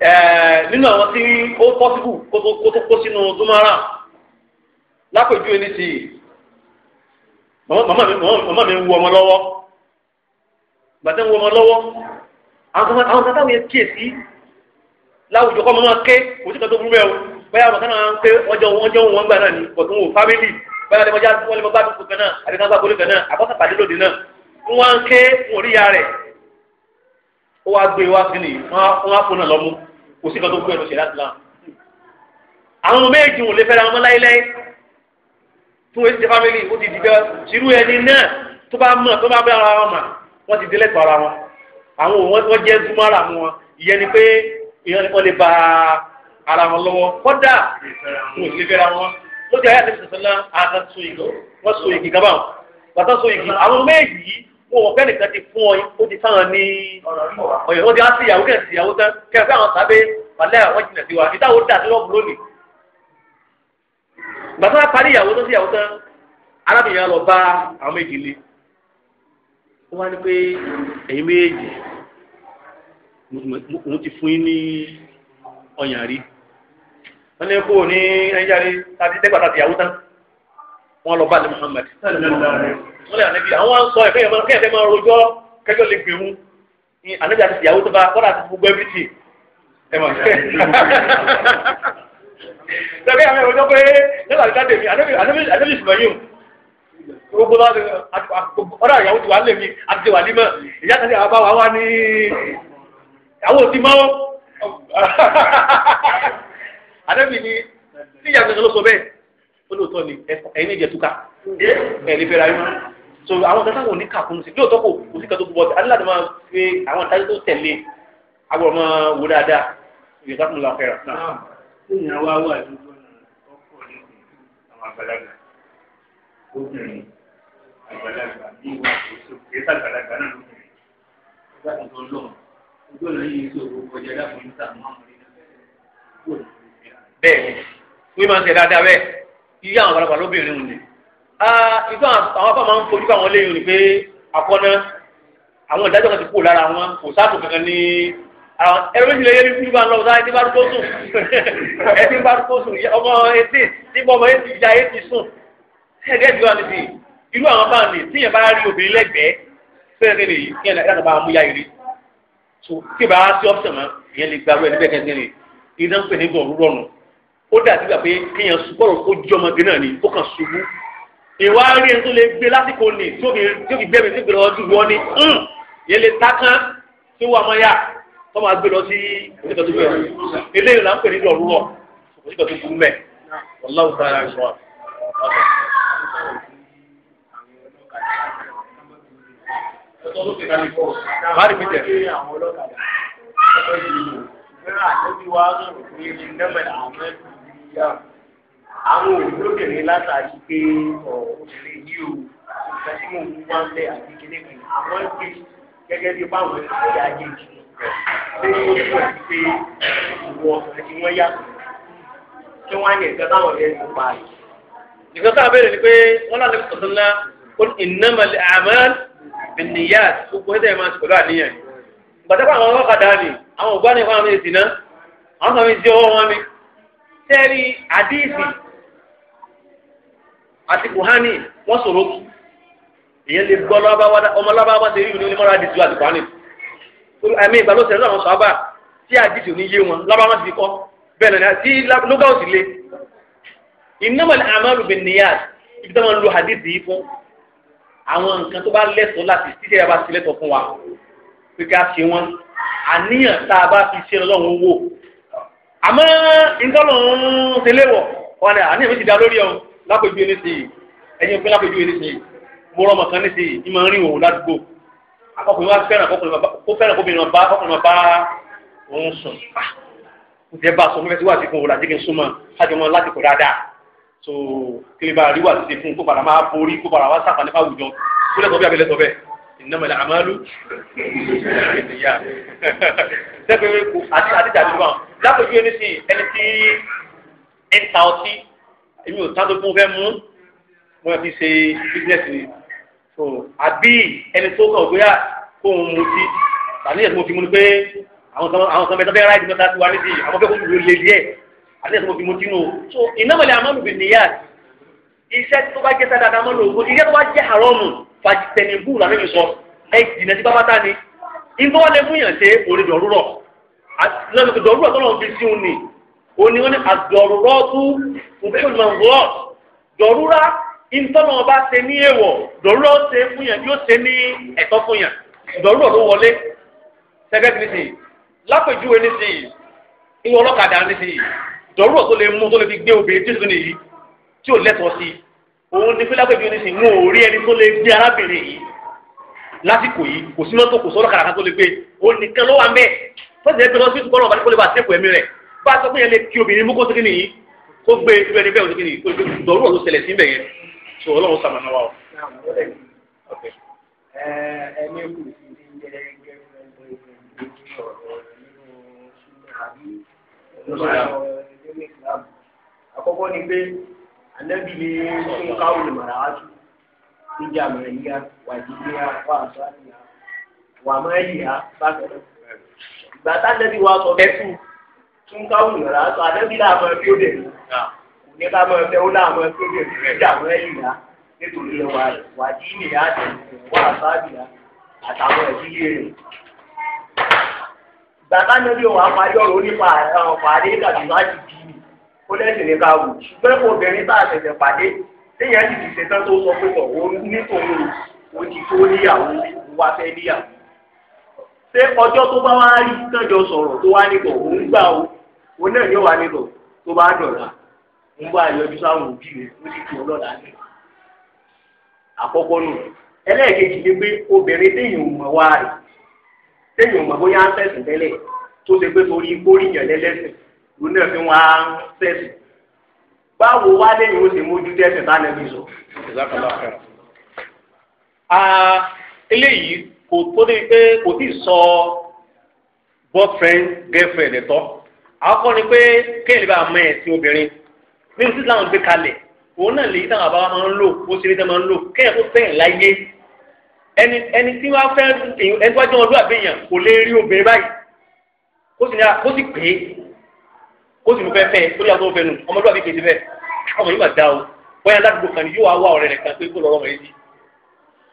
Eh, nínú àwọn tí ó pọ́sibù kó tó kó sínú zumara lápèjú ẹni sí màmá mi ń wu ọmọ lọ́wọ́ gbàtẹ́ ń wu ọmọ lọ́wọ́ àwọn láwùjọ kọ́ ké kò sí kan tó burú bẹ́ẹ̀ báyà ń ọjọ́ ọjọ́ wọn gbà náà ni ọ̀tún wò fámìlì báyà lè wọn lè mọ gbádùn kankan náà àti kan gbàgbọ́lé kan náà àbọ̀tà pàdé lòdì náà ń wá ń ké ń rí ya rẹ̀ ó wá gbé wá kò sí kan tó kú ẹnu ṣẹlẹ islam àwọn ọmọ méjì wọn lè fẹ́ra wọn láéláé tí wọ́n ti ṣe family ó ti di bẹ́ẹ̀ ṣirú ẹni náà tó bá mọ̀ tó bá bẹ́ ara wọn mà wọ́n ti délẹ̀ tó ara wọn àwọn òun wọ́n jẹ́ zumara wọn ìyẹn ni pé ìyẹn ni wọ́n lè ba ara wọn lọ́wọ́ kọ́dà wọn lè fẹ́ra wọn lójú ayé àti sọ̀tàn náà àtàtúnyìí wọ́n so ìgì gábà wọn bàtà so ìgì àwọn méjì yìí wọn ò fẹ́ẹ́ nìkan ti fún ọ ó ti fáwọn ní ọ̀yọ́ ó ti á sí ìyàwó sí ìyàwó tán àwọn sábẹ́ pàlẹ́ àwọn jìnnà sí wa ìtawó dà lónìí. gbàtà parí ìyàwó tó sí ìyàwó tán arábìnrin lọ bá àwọn méjì lé wá ní pé ẹ̀yin méjì òun ti fún yín ní ọ̀yàn rí wọ́n ní kó o wọn lọ bá ní Muhammad wọn lè ànábi àwọn sọ ẹfẹ yẹn kẹfẹ máa rojọ́ kẹjọ lè gbẹmú ní ànábi àti ìyàwó tó bá kọ́dà àti gbogbo ẹbí tì ẹ mọ̀ ṣe. sọfẹ́ àmì ìrojọ́ pé nígbà tí káde mi ànábi ìsìnbọn yìí gbogbo bá ọ̀dà ìyàwó ti wà lèmi àti ti wà nímọ̀ ìyá kan àwọn bá wà wá ní àwọn ti mọ́ ànábi ni tíyàtọ̀ ló sọ bẹ́ẹ̀ olóòótọ́ ni ẹ̀yin ìjẹ́ túká ẹ̀yin fẹ́ra yín so àwọn kan táwọn oníkàkùn sí lóòótọ́ kò kò sí kan tó kú bọ́ọ̀tì aláàdé máa fi àwọn ìtajú tó tẹ̀lé agbọ̀rọ̀ máa wò dáadáa ìyẹn sáà tún la fẹ́ra. lẹ́yìn àwa wà lójú ọ̀nà ọkọ̀ àgbàlagbà obìnrin àgbàlagbà bí wà kò sí ètò àgbàlagbà náà lóbìnrin ọgbà tuntun lọ́wọ́ ojú ọ̀nà yìí sọ gbogbo ọjà dáàbò níta máa ń rí bẹ́ẹ̀ ni wí máa ń tẹ̀ dáadáa bẹ́ẹ̀ iye àwọn àgbàlagbà lóbìnrin ni ìfẹ́ àwọn afọ máa ń fojú àwọn léyìn ni pé àkọ́nà àwọn ìdájọ́ kan ti kúrò lára wọn kò sáàtò kankan ní ẹ̀rọ méjì lè yé ní fúlùbà lọ sáà ẹtí bá tó sùn ẹtí bá tó sùn ọmọ etí tí ọmọ etí ya etí sùn ẹ̀ẹ́dẹ́ ti wà níbi irú àwọn bá mi tíyẹn bá rí obìnrin lẹ́gbẹ̀ẹ́ fẹ́ẹ́ rẹ̀ yìí kí ẹ̀ láti bá mú yáyìí rí tí ìbá sí ọ́fíìsì mọ́ ìyẹn lè gbàgbé ẹni bẹ́ẹ̀ kẹ́kẹ́ rẹ̀ ìdánwò pè ní bọ̀ rúrọ̀nù ó dàbí gbà pé kéèyàn sùkọ́rọ̀ kó jí ọmọge náà ni kó kàn ṣubú ìwà rí ẹni tó lè gbé lásìkò ní tí ó fi gbé mi sí gbèrò ọdún wọn ni yẹn lè takán tí wọ́n máa yá wọ́n máa gbé lọ sí oníkan tó bẹ̀rẹ̀ eléyìí là ń pè ní ìlú ọ̀rúwọ̀ oníkan tó burú mẹ́ ọ̀làwù sára ẹ̀ sọ́wọ́n. Báyìí mi tẹ̀ ọ̀pọ̀ ìlú bẹ́ẹ̀ àti wá rẹ̀ ní ìdẹ́mẹ̀lẹ̀ àwọn ẹ̀sìn. Islam àwọn òbílókè ní látàrí pé obìnrin yìí o nǹkan tí mò ń wá ń bẹ àti kíní kan àwọn gbé gẹ́gẹ́ bí báwọn ìṣẹ̀lẹ̀ ayé ti ṣe ó ti wọ́n ti pé ìwọ ọ̀sán tí wọ́n yàtọ̀ tí wọ́n á ní ẹ̀ka táwọn ọ̀rẹ́ ti pa yìí. nǹkan tá a bẹ̀rẹ̀ ni pé wọ́n náà lè sọ̀tọ̀ ńlá ó ní innamal a'mal binniyat gbogbo ẹ̀dẹ̀ máa ti pẹ̀lú àníyàn. ìgbà tẹ́rí àdìsí àti buhari wọ́n sọ̀rọ̀ kù èyí lè gbọ́ ọmọ lọ́bàá ṣe rí ìlú onímọ̀ra àdìsí àti buhari ẹ̀mí ìgbàlóṣẹ̀ lọ́wọ́ sọ àbá tí àdìsí ò ní yé wọn lọ́bàá wọn ti kọ́ bẹ́ẹ̀ náà tí lóga ò sì le innamal a'malu binniyat ibi tí wọ́n lo àdìsí yìí fún àwọn nǹkan tó bá lẹ́tọ̀ọ́ láti títẹ̀ yàrá sílẹ̀tọ̀ fún wa pé ká ṣe wọn àníyàn tá a bá fi ṣe lọ́wọ́ wò àmọ́ ìtọ́nà ń tẹ́lẹ̀ wọn ni àní èmi ti da lórí ọ lápẹ̀jú ẹni sí i ẹ̀yin pé lápẹ̀jú ẹni sí i mo rọ ọmọ kan ní sí i ìmọ̀ rìn òun ládùúgbò akọkùnrin wa fẹ́ràn kó fẹ́ràn kó bìnrin bá ọkùnrin bá òun sùn ǹjẹ́ ah! bá a sọ fún fẹ́ tí wà á ti fún òun láti súnmọ́ láti mọ́ láti kó dáadáa so kí ni bá a rí wà á ti fún kó padà máa borí kó padà wá sàpàdé fáwùjọ kó lẹ́tọ̀ọ́ bí abẹ́lẹ́tọ̀ọ́ bẹ́ẹ̀ innamal a'malu ìyá sẹ́kẹ̀rẹ́ kù àti àdìjàdì wọn lápẹ̀jú ẹni sí ẹni tí ń ta ọtí èmi ò tádó fún fẹ́ mú wọn fi ṣe bísíǹnẹ́sì ni so àbí ẹni tó kàn gbéyà ah, kó ń mutí tàbí ẹ̀sìn mo fi mu ni pé àwọn kan àwọn kan bẹ ráìdì mẹ́ta ti wá níbi àwọn fẹ́ kó lulú lé díẹ̀ àti ẹ̀sìn mo fi mutí nù so innamal a'malu bin niyyat iṣẹ́ tó bá jẹ́ sádà dáná lò iṣẹ́ tó bá jẹ́ haramu fàjìtẹ̀nì búùlù àmì sọ ẹ jìnà sí pápátá ni ìbọn wọn lè fún yàn ṣe òrè dọ̀rúrọ̀ lọ́dọ̀ dọ̀rúrọ̀ tó lọ́n fi sí òní òní wọn ni àdọ̀rúrọ̀ tó òfin mọ̀ngọ́ dọ̀rúrà ìtọ́nà ọba ṣe ní èèwọ̀ dọ̀rúrọ̀ ṣe fún yàn yóò ṣe ní ẹ̀tọ́ fún yàn dọ̀rúrọ̀ ló wọlé sẹ́gẹ́tì nísìnyí lápèjúwe nísìnyí ìwọ ọlọ́kadà nísìnyí dọ̀rúrọ̀ tó lè mú tó lè fi òun ti pínlẹ̀ pẹ̀lú ní sìn mú orí ẹni tó lè gbé arábìnrin yìí lásìkò yìí kò sí mọ́tò kò sọ́dọ̀ kàràkà tó lè gbé òun nìkan ló wà mẹ́ tó ti lè gbé lọ́sibítù kọ́nà ọ̀bàdàn kó lè bá sẹ́kù ẹ̀mí rẹ̀ bá a sọ pé yẹn lè kí obìnrin mú kó sókè nìyí kó gbé irú ẹni bẹ́ẹ̀ òsókè nìyí kó gbé dọ̀rú ọ̀rọ̀ ṣẹlẹ̀ sí bẹ̀yẹn so ọlọ́run sàmánà wa o. ẹni kù sí ilé ẹgbẹ́ nínú àkọ́kọ́ ni pé anabi ne sun kawo da mara'atu sun jamaniya wa jibiya wa asaliya wa maliya ba ka nan ìgbà tá anabi wa sọ bẹ́ẹ̀ tún sun kawo da mara'atu anabi náà máa fi ó dẹ̀ kò ní ká máa fẹ́ ó náà máa fi ó dẹ̀ kò jamaniya nítorí ẹ wà wà jíìmìyà àti wà asaliya àtàwọn ìdílé rẹ̀ bàbá anabi wà á máa yọ̀rọ̀ nípa àdé kàbí má jì bíi ó lẹ́sìn ní ká wù ṣùgbọ́n obìnrin bá àṣẹ̀ṣẹ̀ pàdé léyìn àti ìdìṣẹ́ tán tó sọ pé tọ̀wọ́ nítorí o ti tó níyàwó wa fẹ́ níyàwó. ṣé ọjọ́ tó bá wá rí kánjọ sọ̀rọ̀ tó wá nìkan òun gbà o òun náà yóò wá nìkan tó bá dọ̀la ń bá yọjú sáwọn òbí rẹ̀ ó ti tó lọ́la ní. àkọ́kọ́ nù ẹlẹ́ẹ̀kejì ni pé obìnrin téèyàn ò mọ̀ wá rẹ̀ téèyàn ò mọ̀ bóyá ń fẹ̀sìn tẹ́lẹ̀ tó ṣe pé torí kórìyàn lẹ́lẹ́sìn òun náà fi wọn á sẹ́sì báwo wá lẹ́yìn ó ti mójú tẹ́sẹ̀ bá lẹ́nu ìsọ. eléyìí kò tó dé pé kò tí ì sọ boyfriend girlfriend ẹ̀tọ́ àkọ́kọ́ ni pé kéèlì bá mọ ẹ̀sìn obìnrin nínú títí láwọn gbé kalẹ̀ òun náà lèyí táwọn àbáwá máa ń lò ó ṣe ní tẹ́ máa ń lò kéèyàn tó fẹ́ẹ̀ láyé ẹni ẹni tí wọ́n fẹ́ ẹni tó wá jẹ́ ọdún àbẹ̀yàn kò lè rí obìnrin báyìí kó sì pè é ó sì mú fẹ́ fẹ́ torí àtọ́wọ́ fẹ́ nu ọmọlúwàbí kejì bẹ́ẹ̀ ọmọ yìí mà dá o bóyá ládùúgbò kan ni yóò wá wá ọ̀rẹ́ rẹ̀ kan pé kó lọ́rọ́ mọ̀ yìí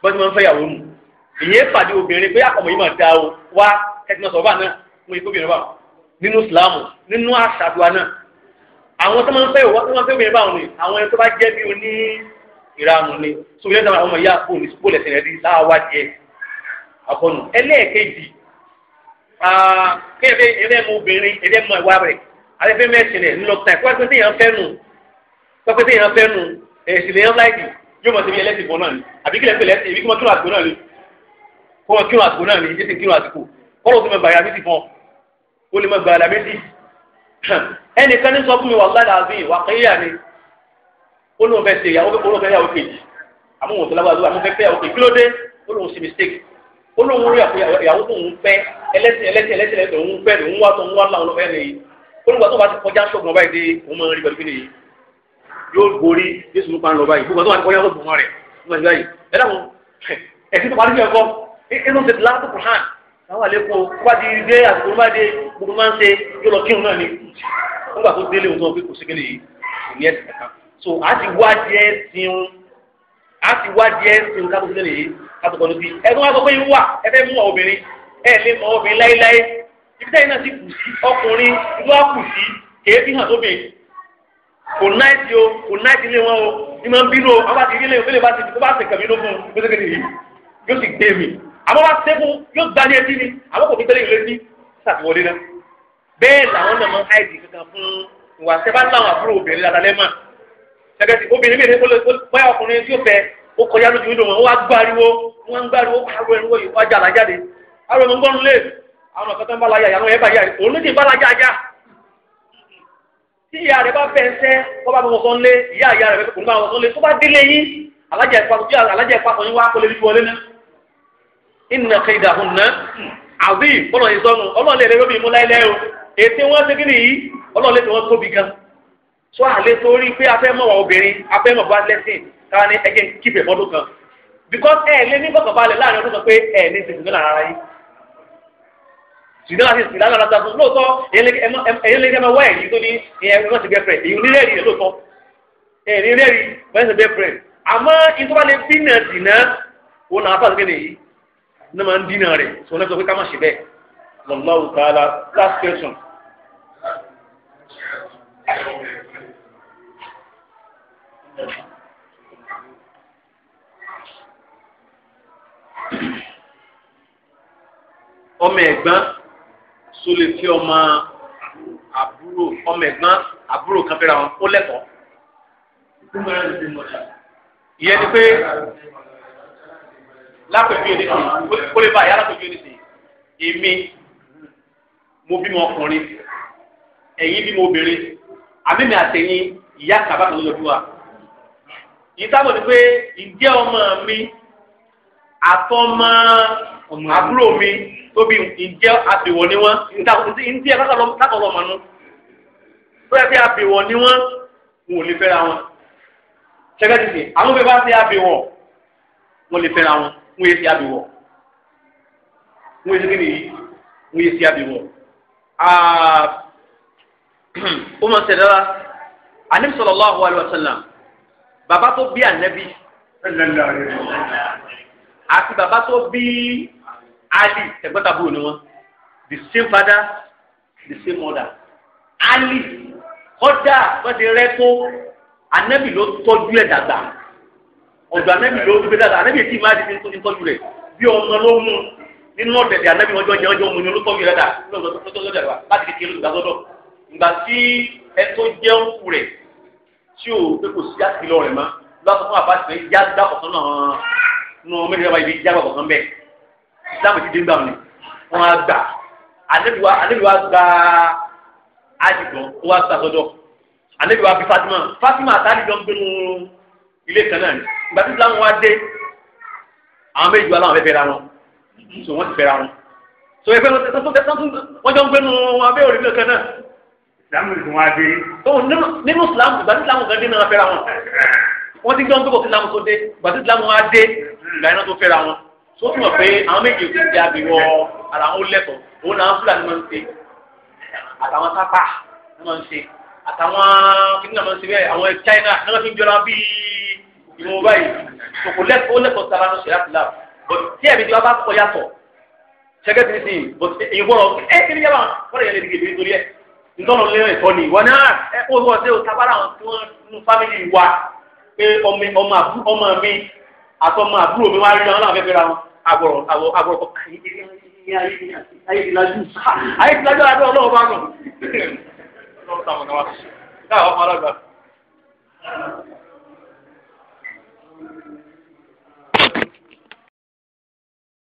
bọ́sí máa ń fẹ́yàwó mu ìyẹn pàdé obìnrin pé ah, ọmọ yìí mà dá o wá kẹtìmọ̀ sọ̀rọ̀ bá náà mo yìí kóbìnrin bá nínú ìsìlámù nínú àṣàdùá náà àwọn tó máa ń fẹ́ obìnrin báwọn ni àwọn ẹni tó bá jẹ́ bí oní ìranù ni so yẹn dáhùn àwọn ọmọ ìyá fóònù bóòlù ẹ̀sìn rẹ̀ di láwa díẹ̀ àkọlù ẹlẹ́ẹ̀kejì ah, ẹ̀rẹ́ mu obìnrin ẹ̀rẹ́ mu ìwà rẹ̀ àrẹ́fẹ́ mẹ́sìn rẹ̀ ńlọ ta ẹ̀kọ́ ẹ̀kọ́ téèyàn fẹ́ nù ẹ̀kọ́ téèyàn fẹ́ nù ẹ̀sìn lèyàn láìdì yóò mọ̀ síbi ẹlẹ́sìn bọ̀ náà ni àbí kílẹ̀ pẹ̀lẹ́ ẹ̀bí kí wọ́n kírun àsìkò náà ni kó wọn kírun àsìkò náà ni ìdí sì kírun àsìkò kọ́lọ́ tó mẹ bàyà méjì fún ọ ó lè mọ gbàdà méjì ẹnìkan ní sọ fún mi wà ládàá bí wà kéyà ni ó lóun fẹ́ ṣe ìyàwó olóun fẹ́ yàwó kejì àmúhùn tó lágbàdo àmúhùn fẹ́ fẹ́ yàwó kejì kí ló dé ó lóun ṣe mistake ó lóun rí ìyàwó tó ń fẹ́ ẹlẹ́sìn ẹlẹ́sìn ẹlẹ́sìn ẹlẹ́sìn òun fẹ́ òun wá tó ń wá láwọn ọlọ́fẹ́ nìyí olùgbà tó bá ti kọjá ṣọ́gun ọba ìdè òun máa ń rí pẹ̀lú kíni yìí yóò gorí jésù ló parí ọba yìí gbogbo àti kọjá ṣọ́gun ọba rẹ̀ wọ́n ti báyìí ẹ dáhùn ẹ̀sìn tó parí bí ẹ̀kọ́ inú ti la tó kù hàn káwọn àlékún wá di dé àsìkò wá dé gbogbo máa ń ṣe yóò lọ kírun náà ni nígbà tó délé òun tó fi kò sí kíni yìí kò ní ẹ̀sìn kankan so a ti wá díẹ̀ sìn a ti wá díẹ̀ sìn ká tó kíni yìí ká tó kọ́ ló bí ẹ̀ tó wá sọ pé wà ẹ fẹ́ mú obìnrin ibi táyì náà sì kù sí ọkùnrin ibi wá kù sí kèé fi hàn sóbì kò náìtì o kò náìtì ilé wọn o ní máa ń bínú o àwọn àti ilé ìwé bá ti tó bá ti kàmí ló fún un ló ṣe yìí yóò sì gbé mi àmọ́ bá ṣe fún yóò gbá ní etí ni àmọ́ kò ní tẹ́lẹ̀ ìlú etí sàtìwọlé náà bẹ́ẹ̀ làwọn náà máa ń háìdì kankan fún ìwà sẹ́fà láwọn àbúrò obìnrin ládàlẹ́ mà gẹ́gẹ́ tí obìnrin mi ní kó bóyá ọkùnrin tí ó fẹ́ ó kọjá lójú ìdòwọ̀n ó wá gbáriwo wọ́n ń gbáriwo pariwo ẹni wọ́n yìí wá jà lájáde àwọn ọmọ ń gbọ́n lé àwọn ọ̀kan tó ń bá láyà yàrá ẹ̀ bàyà òun ló ti bá láyà ajá tí ìyá rẹ̀ bá bẹ̀ ẹsẹ̀ kó bá wọn sọ́nlé ìyá ìyá rẹ̀ kò ní bá wọn sọ́nlé tó bá délé yín alájà ẹ̀pá sọ yín wá kó lè rí wọlé náà ìnà kéda hùn náà àbí ọlọ́ yìí sọnù ọlọ́ọ̀ lè rẹ́ lómi mú láyé lẹ́yìn o ètè wọn ṣe kí nìyí ọlọ́ọ̀ tí wọ́n tóbi gan sọ àlẹ́ torí pé afẹ́ mọ̀ wá obìnrin afẹ́ mọ̀ bá lẹ́sìn káwọn ẹgbẹ́ kíkẹ́ fọ́dún kan because ẹ̀ẹ́lẹ́ nígbàkànbalẹ̀ láàrin ọdún kan pé ẹ̀ẹ́lẹ́ ti dùn náà rárá yìí ṣùgbọ́n àti ìsìnkú lára ta fún lóòótọ́ ẹ̀yẹ́ lè jẹ́mọ̀ wáyé yìí tó ní ẹ̀yẹ́ wọ́n ti bẹ́ẹ̀ fẹ̀ èyí onírẹ́rì rẹ̀ lóòótọ́ ẹ̀rí rẹ́rì wọ́n ti bẹ́ẹ̀ fẹ̀ àmọ́ ìtura lè dínà dínà wọn náà fà sókè nìyí ní ma ń dínà rẹ̀ sọ náà pé ká má ṣe bẹ́ẹ̀ lọ́láwù tààlà last question. ọmọ ẹ̀gbọ́n tó lè fi ọmọ àbúrò ọmọ ẹ̀gbọ́n àbúrò kan fẹ́ra wọn ó lẹ́kọ̀ọ́. ìyẹn ni pé lápẹ̀bí ẹni sìn kó lè bá àyà lápẹ̀bí ẹni sìn èmi mo bímọ ọkùnrin ẹ̀yin bímọ obìnrin àmìmì àtẹ̀yìn ìyá kàbá kan lójú wa. ìtàbọ̀ ni pé ǹjẹ́ ọmọ mi àtọmọ àbúrò mi tóbi ǹjẹ́ àbẹ̀wọ̀ ni wọ́n ǹjẹ́ kákọ̀ọ́ mọ̀ nù tó yẹ kí àbẹ̀wọ̀ ni wọ́n wọn ò lè fẹ́ra wọn ṣẹ́gẹ́ títì àwọn bẹ́ẹ̀ bá ṣe àbẹ̀wọ̀ wọn lè fẹ́ra wọn wọn èsì àbẹ̀wọ̀ wọn èsì kìnìyí wọn èsì àbẹ̀wọ̀ ó mọ̀ sẹ̀dára Ànábì sallallahu alaihi wasallam bàbá tó bí Ànábì àti bàbá tó bí ali tẹ̀gbọ́ntàbúrò ni wọ́n the same father the same mother ali kọ́dà wọ́n ti rẹ́ tó anabi ló tọ́jú ẹ̀ dàgbà ọ̀dọ̀ anabi ló gbé dàgbà anabi ètí máa di ti tọ́jú rẹ̀ bí ọmọ ló mú nínú ọ̀dẹ̀dẹ̀ anabi wọn jọ jẹ ọjọ́ mu ni ló tọ́jú rẹ̀ dà láti kékeré lùgbàdọ́dọ̀ ìgbà tí ẹ tó jẹun kù rẹ̀ tí o pé kò sí àtìlọ rẹ̀ mọ́ lọ́sọ̀ fún àbáṣe yá dákọ̀tán náà nù ọmọ ìdílé wa ibi yá gbàgbọ́ islam ti dé ńgbà wọn ni wọn á gbà àlejò wa gba àdìgbò ó wá gbà sọ́dọ̀ àlejò wa bí Fatima Fatima àtàlìjọ ń gbénu ilé kan náà ni ìgbà tí islam wa dé àwọn méjì wa láwọn fẹ́ fẹ́ra wọn so wọ́n ti fẹ́ra wọn so ẹgbẹ́ wọn tẹ̀sán tó tẹ̀sán tó wọ́n jọ ń gbénu abẹ́ òrìlẹ̀ kan náà islam ìlú wa dé. nínú islam ìgbà tí islam kan dé náà fẹ́ra wọn wọ́n ti gbọ́ ń tó mọ̀ pé àwọn méjì ti di abiwọ ara wọn lẹ́kọ̀ọ́ òun làwọn fúlàní máa ń ṣe àtàwọn sápà máa ń ṣe àtàwọn kìnìún máa ń ṣe bẹ́ẹ̀ àwọn China náà fi ń jọra bíi ìwọ̀n báyìí kòkò lẹ́kọ̀ọ́ lẹ́kọ̀ọ́ sara ní ṣẹlẹ̀ àtìlá bọ̀ tí ẹ̀mí tí wọ́n bá kọ́ yàtọ̀ ṣẹ́gẹ́ ti sìn bọ̀ èyí bọ̀ ẹ kí ni yàrá wọ́n lè yẹn lè dìgbè nítorí ẹ̀ ntọ́nà lẹ́yìn ẹ̀tọ́ ni ìwọ náà ah, ẹ kó wọ́n ṣe òtábàrà àwọn tí wọ́n nu fámìlì wa pé ọmọ àbúrò mi wá rí wọn láwọn fẹ́ fẹ́ ra wọn agbọ̀rọ̀ àwọ̀ agbọ̀rọ̀ ayélujájú ayélujájú àbẹ́ ọlọ́wọ́ bá nù. Káwọn ọmọ alágbà.